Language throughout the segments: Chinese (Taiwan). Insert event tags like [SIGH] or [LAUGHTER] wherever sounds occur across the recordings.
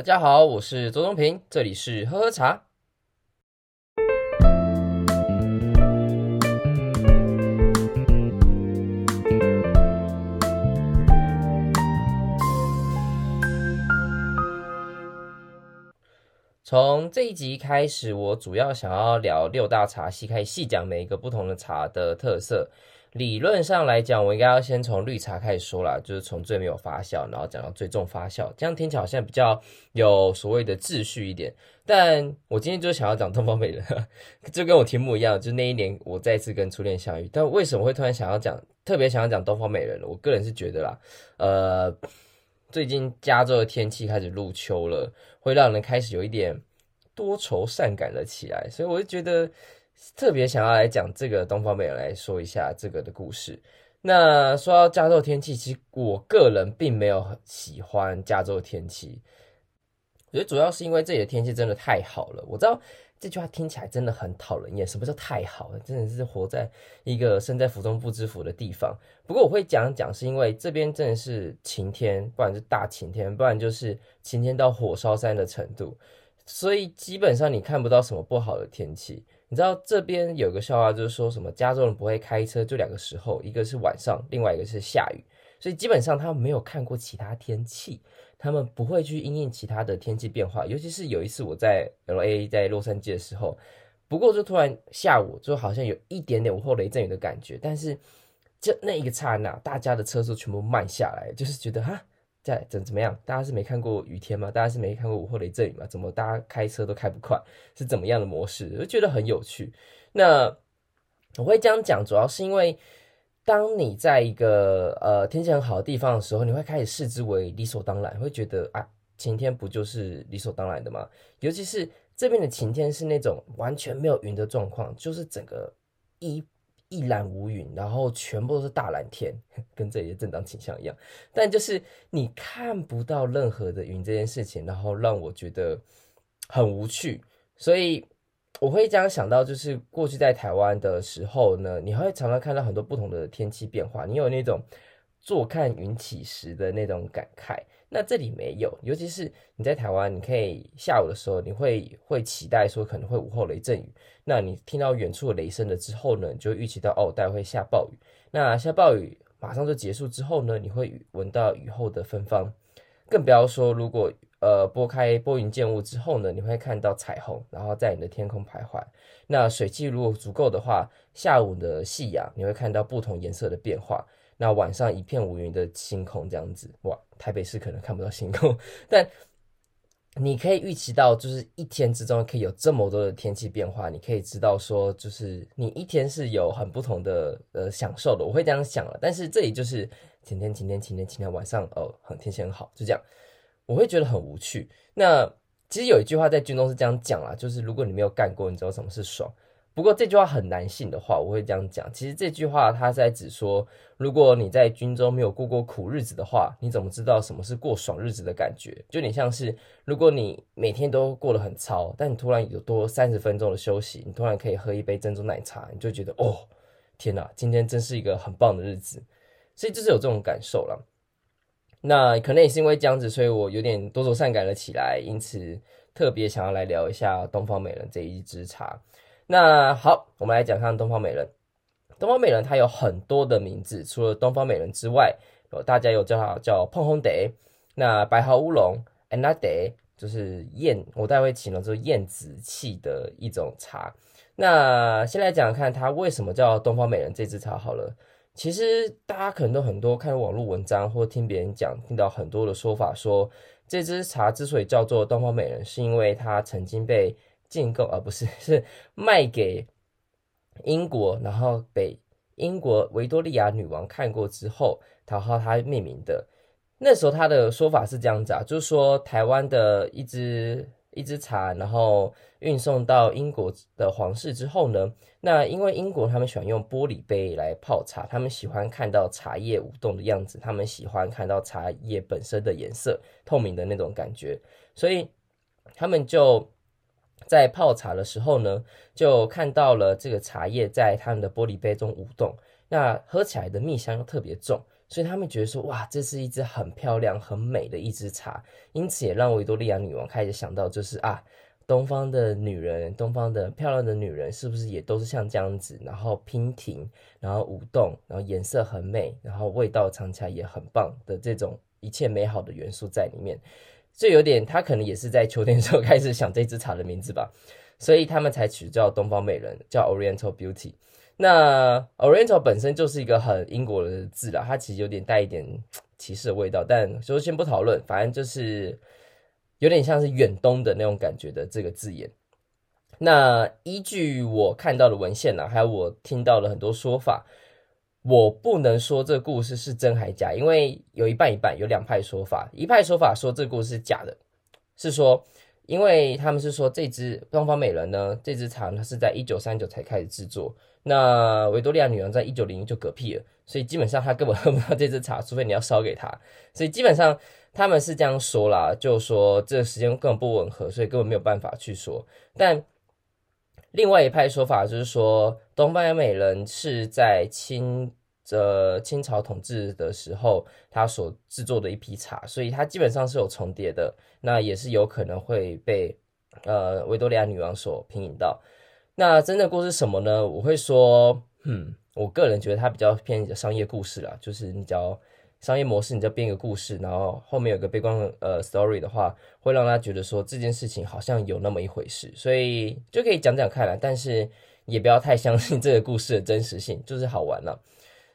大家好，我是周中平，這裡是呵呵茶。從這一集開始，我主要想要聊六大茶系，開始細講每一個不同的茶的特色。理論上來講，我應該要先從綠茶開始說啦。就是從最沒有發酵，然後講到最重發酵，這樣聽起來好像比較有所謂的秩序一點。但我今天就想要講東方美人， [LAUGHS] 就跟我題目一樣，就那一年我再次跟初戀相遇。但為什麼會突然想要講，特別想要講東方美人？我個人是覺得啦，呃，最近加州的天氣開始入秋了，會讓人開始有一點多愁善感了起來，所以我就覺得。特別想要來講這個東方美人，來說一下這個的故事。那說到加州的天氣，其實我個人並沒有很喜歡加州的天氣。我覺得主要是因為這裡的天氣真的太好了。我知道這句話聽起來真的很討人厭。什麼叫太好了？真的是活在一個身在福中不知福的地方。不過我會講講，講是因為這邊真的是晴天，不然就是大晴天，不然就是晴天到火燒山的程度。所以基本上你看不到什麼不好的天氣。你知道這邊有個笑話，就是說什麼加州人不會開車就兩個時候，一個是晚上，另外一個是下雨。所以基本上他們沒有看過其他天氣，他們不會去因應其他的天氣變化。尤其是有一次我在 LA 在洛杉磯的時候，不過就突然下午就好像有一點點午後雷陣雨的感覺，但是就那一個剎那，大家的車速全部慢下來，就是覺得哈。在怎怎麼樣？大家是沒看過雨天嗎？大家是沒看過午後雷陣雨嗎？怎麼大家開車都開不快？是怎麼樣的模式？我就覺得很有趣。那我會這樣講，主要是因為當你在一個呃天氣很好的地方的時候，你會開始視之為理所當然，會覺得啊，晴天不就是理所當然的嗎？尤其是這邊的晴天是那種完全沒有雲的狀況，就是整個一。一覽無雲，然後全部都是大藍天，跟這些正當景象一樣。但就是你看不到任何的雲這件事情，然後讓我覺得很無趣。所以我會這樣想到，就是過去在台灣的時候呢，你會常常看到很多不同的天氣變化，你有那種坐看雲起時的那種感慨。那這裡沒有，尤其是你在台灣，你可以下午的時候，你會會期待說可能會午後雷陣雨。那你聽到遠處的雷聲了之後呢，你就預期到哦，待會下暴雨。那下暴雨馬上就結束之後呢，你會聞到雨後的芬芳，更不要說如果呃撥開撥雲見霧之後呢，你會看到彩虹，然後在你的天空徘徊。那水汽如果足夠的話，下午的夕陽你會看到不同顏色的變化。那晚上一片無雲的星空，這樣子，哇，台北市可能看不到星空，但你可以預期到，就是一天之中可以有這麼多的天氣變化，你可以知道說，就是你一天是有很不同的呃享受的，我會這樣想了。但是這裡就是晴天、晴天、晴天、晴天、天，晚上呃很、哦、天氣很好，就這樣，我會覺得很無趣。那其實有一句話在軍中是這樣講啦，就是如果你沒有幹過，你知道什麼是爽。不過這句話很男性的話，我會這樣講。其實這句話它是在指說，如果你在軍中沒有過過苦日子的話，你怎麼知道什麼是過爽日子的感覺？就有點像是，如果你每天都過得很糙，但你突然有多三十分鐘的休息，你突然可以喝一杯珍珠奶茶，你就覺得哦，天哪，今天真是一個很棒的日子。所以就是有這種感受了。那可能也是因為這樣子，所以我有點多愁善感了起來，因此特別想要來聊一下東方美人這一支茶。那好，我們來講看東方美人。東方美人它有很多的名字，除了東方美人之外，有大家有叫它叫碰風茶。那白毫烏龍，another 就是燕，我待會形容就是燕子氣的一種茶。那先來講看它為什麼叫東方美人這支茶好了。其實大家可能都很多看網絡文章或聽別人講，聽到很多的說法說，說這支茶之所以叫做東方美人，是因為它曾經被。進貢而、啊、不是是賣給英國，然後被英國維多利亞女王看過之後，然後他命名的。那時候他的說法是這樣子啊，就是說台灣的一支一支茶，然後運送到英國的皇室之後呢，那因為英國他們喜歡用玻璃杯來泡茶，他們喜歡看到茶葉舞動的樣子，他們喜歡看到茶葉本身的顏色，透明的那種感覺，所以他們就。在泡茶的時候呢，就看到了這個茶葉在他們的玻璃杯中舞動。那喝起來的蜜香又特別重，所以他們覺得說，哇，這是一支很漂亮、很美的一支茶。因此，也讓維多利亞女王開始想到，就是啊，東方的女人，東方的漂亮的女人，是不是也都是像這樣子，然後娉婷，然後舞動，然後顏色很美，然後味道嘗起來也很棒的這種一切美好的元素在裡面。就有點，他可能也是在秋天的時候開始想這支茶的名字吧，所以他們才取叫東方美人，叫 Oriental Beauty。那 Oriental 本身就是一個很英國的字啦，它其實有點帶一點歧視的味道，但就先不討論，反正就是有點像是遠東的那種感覺的這個字眼。那依據我看到的文獻呢，還有我聽到了很多說法。我不能說這故事是真還假，因為有一半一半，有兩派說法。一派說法說這故事是假的，是說，因為他們是說這支東方美人呢，這支茶呢是在一九三九才開始制作，那維多利亞女王在一九零一就嗝屁了，所以基本上她根本喝不到這支茶，除非你要燒給她。所以基本上他們是這樣說啦，就說這個時間根本不吻合，所以根本沒有辦法去說。但另外一派說法就是說，東方美人是在清，呃清朝統治的時候，他所制作的一批茶，所以它基本上是有重疊的，那也是有可能會被，呃維多利亞女王所品飲到。那真的故事什麼呢？我會說，嗯，我個人覺得它比較偏商業故事啦，就是你只商業模式，你就編一個故事，然後後面有個背景呃 story 的話，會讓他覺得說這件事情好像有那麼一回事，所以就可以講講看了。但是也不要太相信這個故事的真實性，就是好玩了、啊。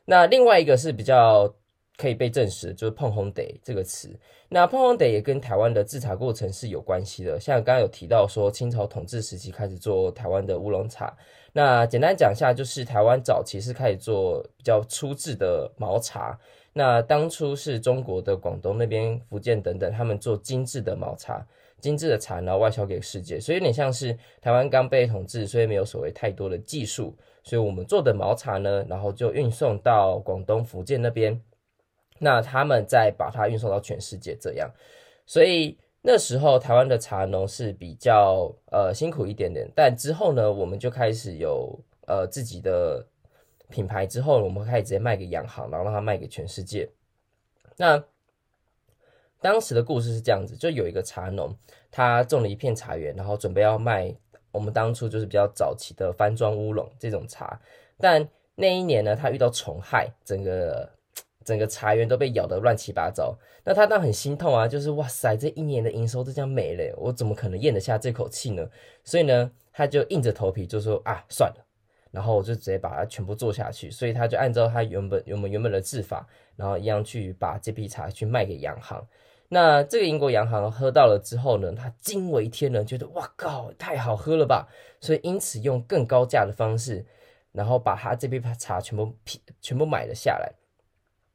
那另外一個是比較可以被證實，就是“碰風茶”這個詞。那“碰風茶”也跟台灣的制茶過程是有關係的。像剛剛有提到說清朝統治時期開始做台灣的烏龍茶。那簡單講一下，就是台灣早期是開始做比較粗制的毛茶。那當初是中國的廣東那邊、福建等等，他們做精致的毛茶、精致的茶，然後外銷給世界，所以有點像是台灣剛被統治，所以沒有所謂太多的技術，所以我們做的毛茶呢，然後就運送到廣東、福建那邊，那他們再把它運送到全世界這樣。所以那時候台灣的茶農是比較呃辛苦一點點，但之後呢，我們就開始有呃自己的。品牌之後呢，我們可以直接賣給洋行，然後讓它賣給全世界。那當時的故事是這樣子，就有一個茶農，他種了一片茶園，然後準備要賣，我們當初就是比較早期的番莊烏龍這種茶，但那一年呢，他遇到蟲害，整個整個茶園都被咬得亂七八糟。那他當然很心痛啊，就是哇塞，這一年的營收都這樣沒了，我怎麼可能嚥得下這口氣呢？所以呢，他就硬着頭皮就說啊，算了。然後我就直接把它全部做下去，所以他就按照他原本原本原本的製法，然後一樣去把這批茶去賣給洋行。那這個英國洋行喝到了之後呢，他驚為天人，覺得哇靠，太好喝了吧！所以因此用更高價的方式，然後把他這批茶全部批全部買了下來。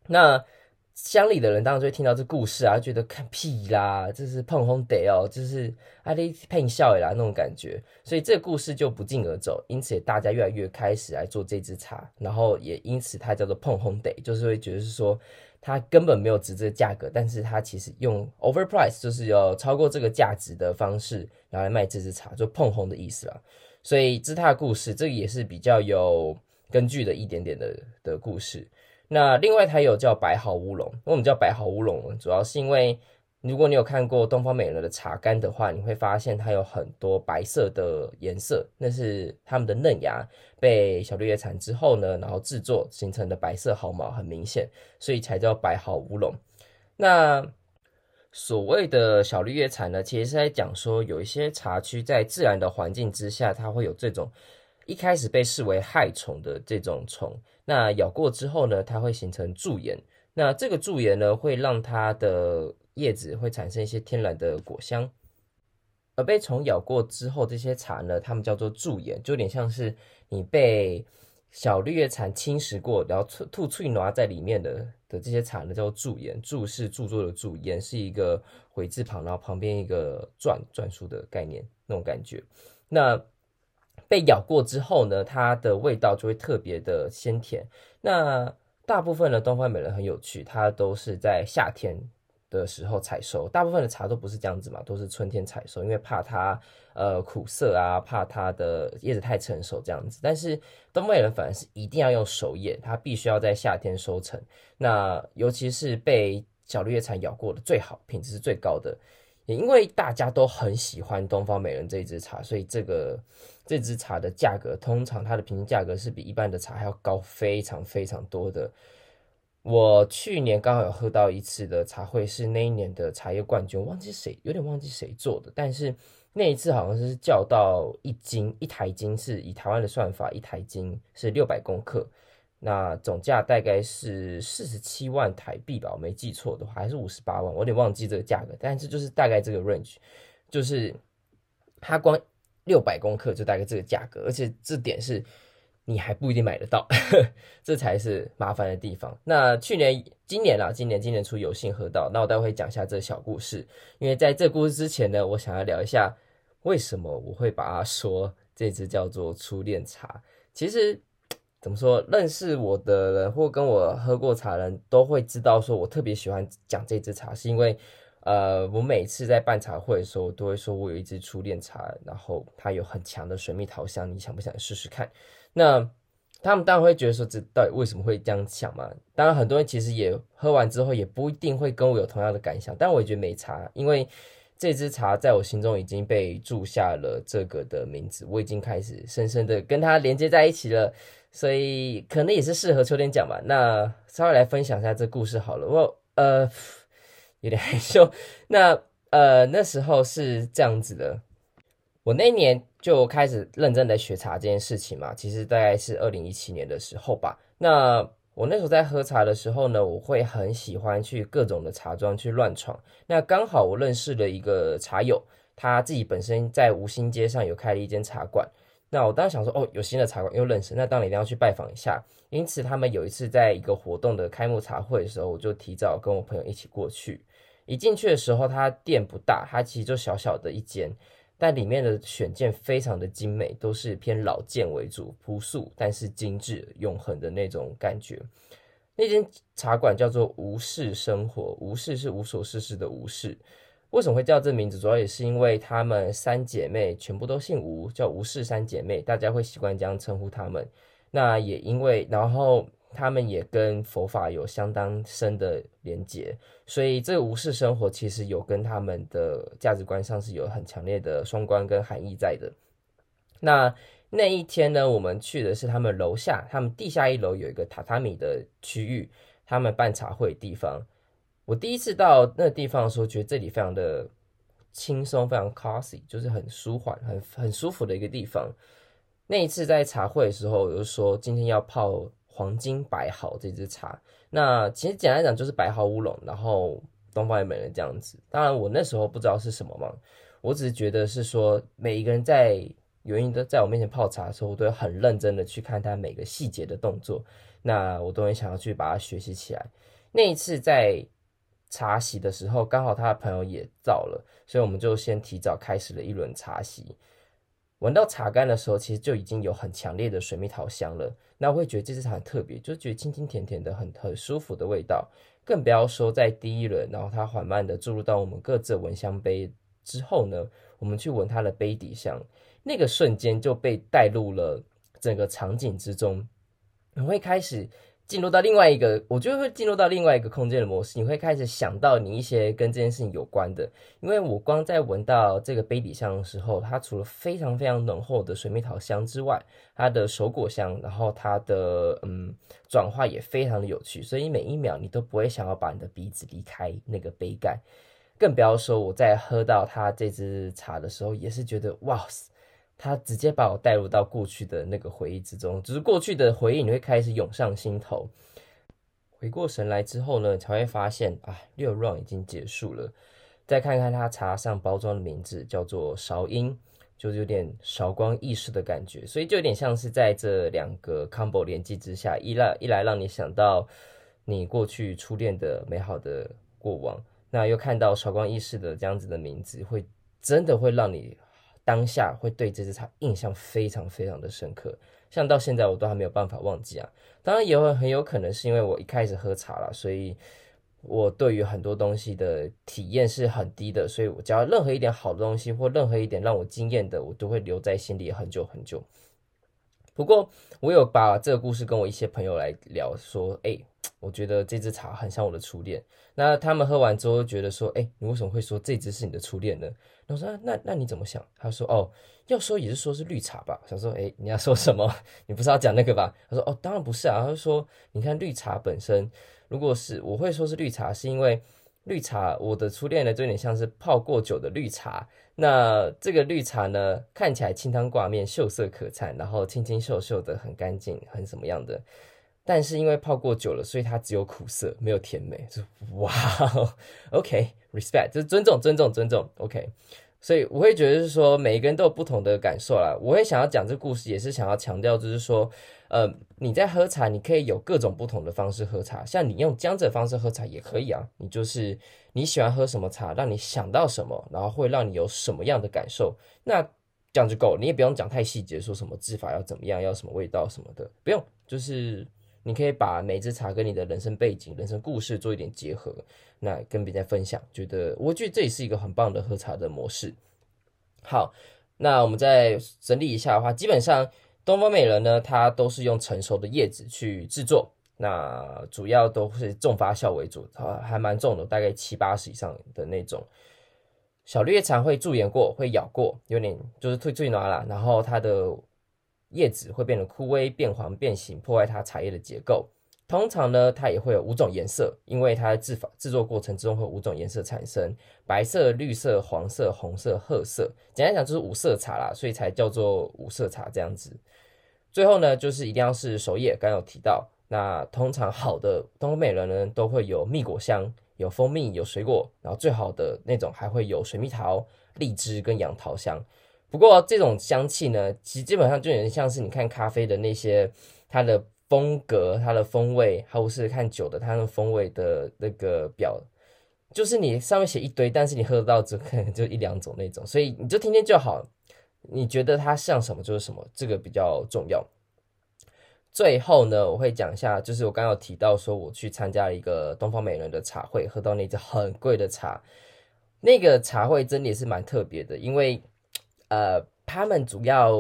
那。鄉里的人當然就會聽到這故事啊，覺得看屁啦，就是碰風 day 哦，就是啊，麗潘笑啦那種感覺，所以這個故事就不脛而走，因此大家越來越開始來做這支茶，然後也因此它叫做碰風 day，就是會覺得是說它根本沒有值這個價格，但是它其實用 over price，就是有超過這個價值的方式拿來賣這支茶，就碰風的意思啦。所以這它的故事，這個也是比較有根據的一點點的的故事。那另外它有叫白毫烏龍，因為我們叫白毫烏龍，主要是因為如果你有看過東方美人的茶乾的話，你會發現它有很多白色的顏色，那是它們的嫩芽被小綠葉蟬之後呢，然後製作形成的白色毫毛很明顯，所以才叫白毫烏龍。那所謂的小綠葉蟬呢，其實是在講說有一些茶區在自然的環境之下，它會有這種。一開始被視為害蟲的這種蟲，那咬過之後呢，它會形成著涎。那這個著涎呢，會讓它的葉子會產生一些天然的果香。而被蟲咬過之後，這些茶呢，它們叫做著涎，就有點像是你被小綠葉蟬侵蝕過，然後吐吐出在裡面的的這些茶呢，叫做著涎。著是著作的著，涎是一個“回”字旁，然後旁邊一個“轉轉述的概念那種感覺。那被咬過之後呢，它的味道就會特別的鮮甜。那大部分的東方美人很有趣，它都是在夏天的時候採收。大部分的茶都不是這樣子嘛，都是春天採收，因為怕它呃苦澀啊，怕它的葉子太成熟這樣子。但是東方美人反而是一定要用熟葉，它必須要在夏天收成。那尤其是被小綠葉蟬咬過的最好，品質是最高的。因為大家都很喜歡東方美人這一支茶，所以這個這支茶的價格，通常它的平均價格是比一般的茶還要高非常非常多的。我去年剛好有喝到一次的茶會，是那一年的茶葉冠軍，忘記誰，有點忘記誰做的，但是那一次好像是叫到一斤，一台斤，是以台灣的算法，一台斤是六百公克。那總價大概是四十七萬台幣吧，我沒記錯的話，還是五十八萬，我有點忘記這個價格。但這就是大概這個 range，就是它光六百公克就大概這個價格，而且這點是你還不一定買得到，呵呵這才是麻煩的地方。那去年、今年啦、啊，今年今年初有幸喝到，那我待會講一下這個小故事。因為在這個故事之前呢，我想要聊一下為什麼我會把它說這支叫做初戀茶，其實。怎麼說？認識我的人或跟我喝過茶的人都會知道，說我特別喜歡講這支茶，是因為，呃，我每次在辦茶會的時候，我都會說我有一支初戀茶，然後它有很強的水蜜桃香，你想不想試試看？那他們當然會覺得說，這到底為什麼會這樣想嘛？當然，很多人其實也喝完之後，也不一定會跟我有同樣的感想。但我也覺得沒茶，因為這支茶在我心中已經被注下了這個的名字，我已經開始深深的跟它連接在一起了。所以可能也是適合秋天講吧。那稍微來分享一下這故事好了。我呃，有點害羞。 [LAUGHS] 那呃，那時候是這樣子的，我那一年就開始認真的學茶這件事情嘛。其實大概是二零一七年的時候吧。那我那時候在喝茶的時候呢，我會很喜歡去各種的茶莊去亂闖。那剛好我認識了一個茶友，他自己本身在吳興街上有開了一間茶館。那我當時想說，哦，有新的茶館又認識，那當然一定要去拜訪一下。因此，他們有一次在一個活動的開幕茶會的時候，我就提早跟我朋友一起過去。一進去的時候，它店不大，它其實就小小的一間，但裡面的選件非常的精美，都是偏老件為主，樸素但是精緻、永恆的那種感覺。那間茶館叫做無事生活，無事是無所事事的無事。為什麼會叫這名字？主要也是因為她們三姐妹全部都姓吳，叫吳氏三姐妹，大家會習慣這樣稱呼她們。那也因為，然後她們也跟佛法有相當深的連結，所以這個吳氏生活其實有跟他們的價值觀上是有很強烈的雙關跟含義在的。那那一天呢，我們去的是他們樓下，他們地下一樓有一個榻榻米的區域，他們辦茶會的地方。我第一次到那個地方的時候，覺得這裡非常的輕鬆，非常 cozy，就是很舒緩、很很舒服的一個地方。那一次在茶會的時候，我就說今天要泡黃金白毫這支茶。那其實簡單講就是白毫烏龍，然後東方美人這樣子。當然我那時候不知道是什麼嘛，我只是覺得是說每一個人在原因都在我面前泡茶的時候，我都很認真的去看他每個細節的動作。那我都很想要去把它學習起來。那一次在。茶席的時候，剛好他的朋友也到了，所以我們就先提早開始了一輪茶席。聞到茶乾的時候，其實就已經有很強烈的水蜜桃香了。那我會覺得這支茶很特別，就覺得清清甜甜的，很很舒服的味道。更不要說在第一輪，然後它緩慢地注入到我們各自的聞香杯之後呢，我們去聞它的杯底香，那個瞬間就被帶入了整個場景之中，你會開始。進入到另外一個，我就會進入到另外一個空間的模式。你會開始想到你一些跟這件事情有關的，因為我光在聞到這個杯底香的時候，它除了非常非常濃厚的水蜜桃香之外，它的手果香，然後它的嗯轉化也非常的有趣，所以每一秒你都不會想要把你的鼻子離開那個杯蓋，更不要說我在喝到它這支茶的時候，也是覺得哇塞。他直接把我帶入到過去的那個回憶之中，只是過去的回憶你會開始湧上心頭，回過神來之後呢，才會發現啊，六 round 已經結束了。再看看他茶上包裝的名字叫做韶音，就是、有點韶光易逝的感覺，所以就有點像是在這兩個 combo 連擊之下，一來一來讓你想到你過去初戀的美好的過往，那又看到韶光易逝的這樣子的名字，會真的會讓你。當下會對這支茶印象非常非常的深刻，像到現在我都還沒有辦法忘記啊。當然也會很有可能是因為我一開始喝茶啦，所以我對於很多東西的體驗是很低的，所以我只要任何一點好的東西或任何一點讓我驚艷的，我都會留在心裡很久很久。不過我有把這個故事跟我一些朋友來聊，說，哎。我覺得這支茶很像我的初戀。那他們喝完之後覺得說：“誒、欸，你為什麼會說這支是你的初戀呢？”那我說：“那那你怎麼想？”他說：“哦，要說也是說是綠茶吧。”想說：“誒、欸，你要說什麼？你不是要講那個吧？”他說：“哦，當然不是啊。”他說：“你看綠茶本身，如果是我會說是綠茶，是因為綠茶我的初戀呢，就有點像是泡過久的綠茶。那這個綠茶呢，看起來清湯掛麵，秀色可餐，然後清清秀秀的，很乾淨，很什麼樣的。”但是因為泡過久了，所以它只有苦澀，沒有甜美。哇，OK，respect，、okay，就是尊重，尊重，尊重。OK，所以我會覺得是說，每一個人都有不同的感受啦。我會想要講這故事，也是想要強調，就是說，呃，你在喝茶，你可以有各種不同的方式喝茶。像你用江浙方式喝茶也可以啊，你就是你喜歡喝什麼茶，讓你想到什麼，然後會讓你有什麼樣的感受，那這樣就夠了。你也不用講太細節，說什麼製法要怎麼樣，要什麼味道什麼的，不用，就是。你可以把每支茶跟你的人生背景、人生故事做一點結合，那跟別人分享，覺得我覺得這也是一個很棒的喝茶的模式。好，那我們再整理一下的話，基本上東方美人呢，它都是用成熟的葉子去製作，那主要都是重發酵為主，它還蠻重的，大概七八十以上的那種。小綠葉蟬會駐顏過，會咬過，有點就是退退拿了，然後它的。葉子會變得枯萎、變黃、變形，破壞它茶葉的結構。通常呢，它也會有五種顏色，因為它的制法制作過程之中會有五種顏色產生：白色、綠色、黃色、紅色、褐色。簡單講就是五色茶啦，所以才叫做五色茶這樣子。最後呢，就是一定要是熟葉，剛有提到。那通常好的東方美人呢，都會有蜜果香、有蜂蜜、有水果，然後最好的那種還會有水蜜桃、荔枝跟楊桃香。不過這種香氣呢，其實基本上就有點像是你看咖啡的那些，它的風格、它的風味，還有是看酒的它的風味的那個表，就是你上面寫一堆，但是你喝得到只可能就一兩種那種，所以你就聽聽就好。你覺得它像什麼就是什麼，這個比較重要。最後呢，我會講一下，就是我剛剛有提到說我去參加了一個東方美人的茶會，喝到那支很貴的茶，那個茶會真的也是蠻特別的，因為，呃，他們主要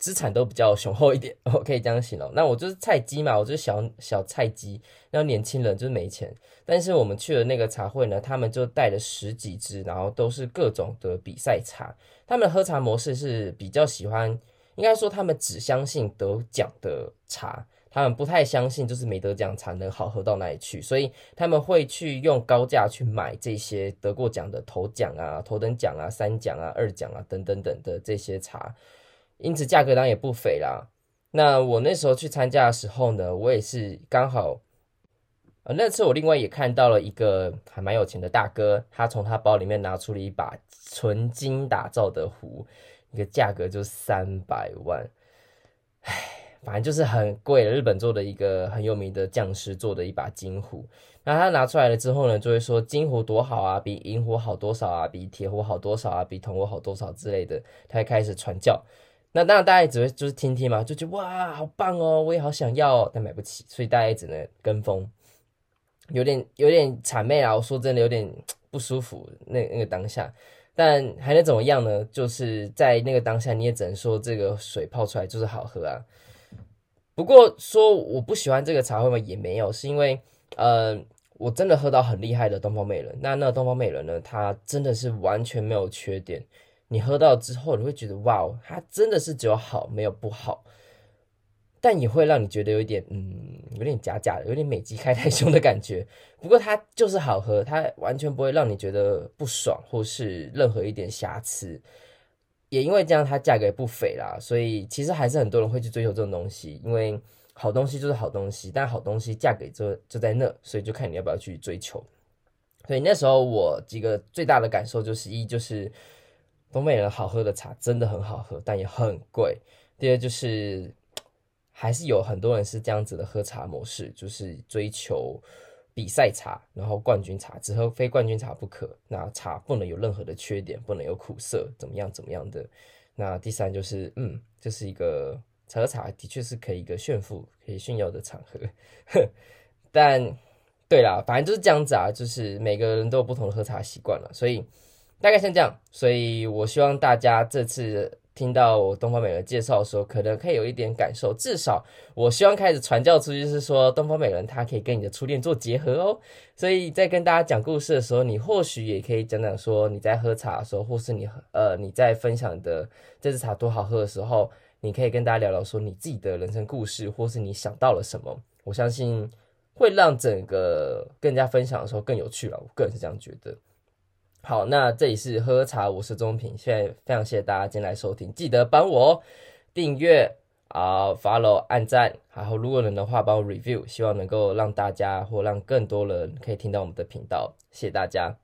資產都比較雄厚一點，我可以這樣形容。那我就是菜雞嘛，我就是小小菜雞。那年輕人就是沒錢，但是我們去了那個茶會呢，他們就帶了十幾支，然後都是各種的比賽茶。他們的喝茶模式是比較喜歡，應該說他們只相信得獎的茶。他們不太相信，就是沒得獎才能好喝到哪裡去，所以他們會去用高價去買這些得過獎的頭獎啊、頭等獎啊、三獎啊、二獎啊等等等等的這些茶，因此價格當然也不菲啦。那我那時候去參加的時候呢，我也是剛好，呃，那次我另外也看到了一個還蠻有錢的大哥，他從他包裡面拿出了一把純金打造的壺，那個價格就三百萬，哎反正就是很貴，日本做的一個很有名的匠師做的一把金壺，那他拿出來了之後呢，就會說金壺多好啊，比銀壺好多少啊，比鐵壺好多少啊，比銅壺好多少之類的，他開始傳教。那當然大家只會就是聽聽嘛，就覺得哇好棒哦，我也好想要哦，但買不起，所以大家也只能跟風，有點有點諂媚啊，我說真的有點不舒服，那那個當下，但還能怎麼樣呢？就是在那個當下你也只能說這個水泡出來就是好喝啊。不過說我不喜歡這個茶，會不會也沒有？是因為，呃，我真的喝到很厲害的東方美人。那那東方美人呢？它真的是完全沒有缺點。你喝到之後，你會覺得哇，它真的是只有好，沒有不好。但也會讓你覺得有一點，嗯，有點假假的，有點美肌開太凶的感覺。不過它就是好喝，它完全不會讓你覺得不爽或是任何一點瑕疵。也因為這樣，它價格也不菲啦，所以其實還是很多人會去追求這種東西，因為好東西就是好東西，但好東西價格就就在那，所以就看你要不要去追求。所以那時候我幾個最大的感受就是：一就是東方美人好喝的茶真的很好喝，但也很貴；第二就是還是有很多人是這樣子的喝茶模式，就是追求。比賽茶，然後冠軍茶，只喝非冠軍茶不可。那茶不能有任何的缺點，不能有苦澀，怎麼樣怎麼樣的。那第三就是，嗯，這、就是一個茶和茶的確是可以一個炫富、可以炫耀的場合。哼，但對啦，反正就是這樣子啊，就是每個人都有不同的喝茶習慣了，所以大概像這樣。所以我希望大家這次。聽到東方美人介紹的時候，可能可以有一點感受。至少我希望開始傳教出去是說，東方美人她可以跟你的初戀做結合哦。所以在跟大家講故事的時候，你或許也可以講講說你在喝茶的時候，或是你呃你在分享的這支茶多好喝的時候，你可以跟大家聊聊說你自己的人生故事，或是你想到了什麼。我相信會讓整個跟人家分享的時候更有趣了。我個人是這樣覺得。好，那這裡是喝茶，我是中平，現在非常謝謝大家今天來收聽，記得幫我訂閱啊，follow、按讚，然後如果能的話幫我 review，希望能夠讓大家或讓更多人可以聽到我們的頻道，謝謝大家。